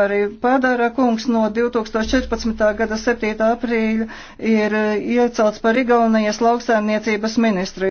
arī padara kungs no 2014. gada 7. aprīļa ir iecelts par Igaunijas lauksaimniecības ministru.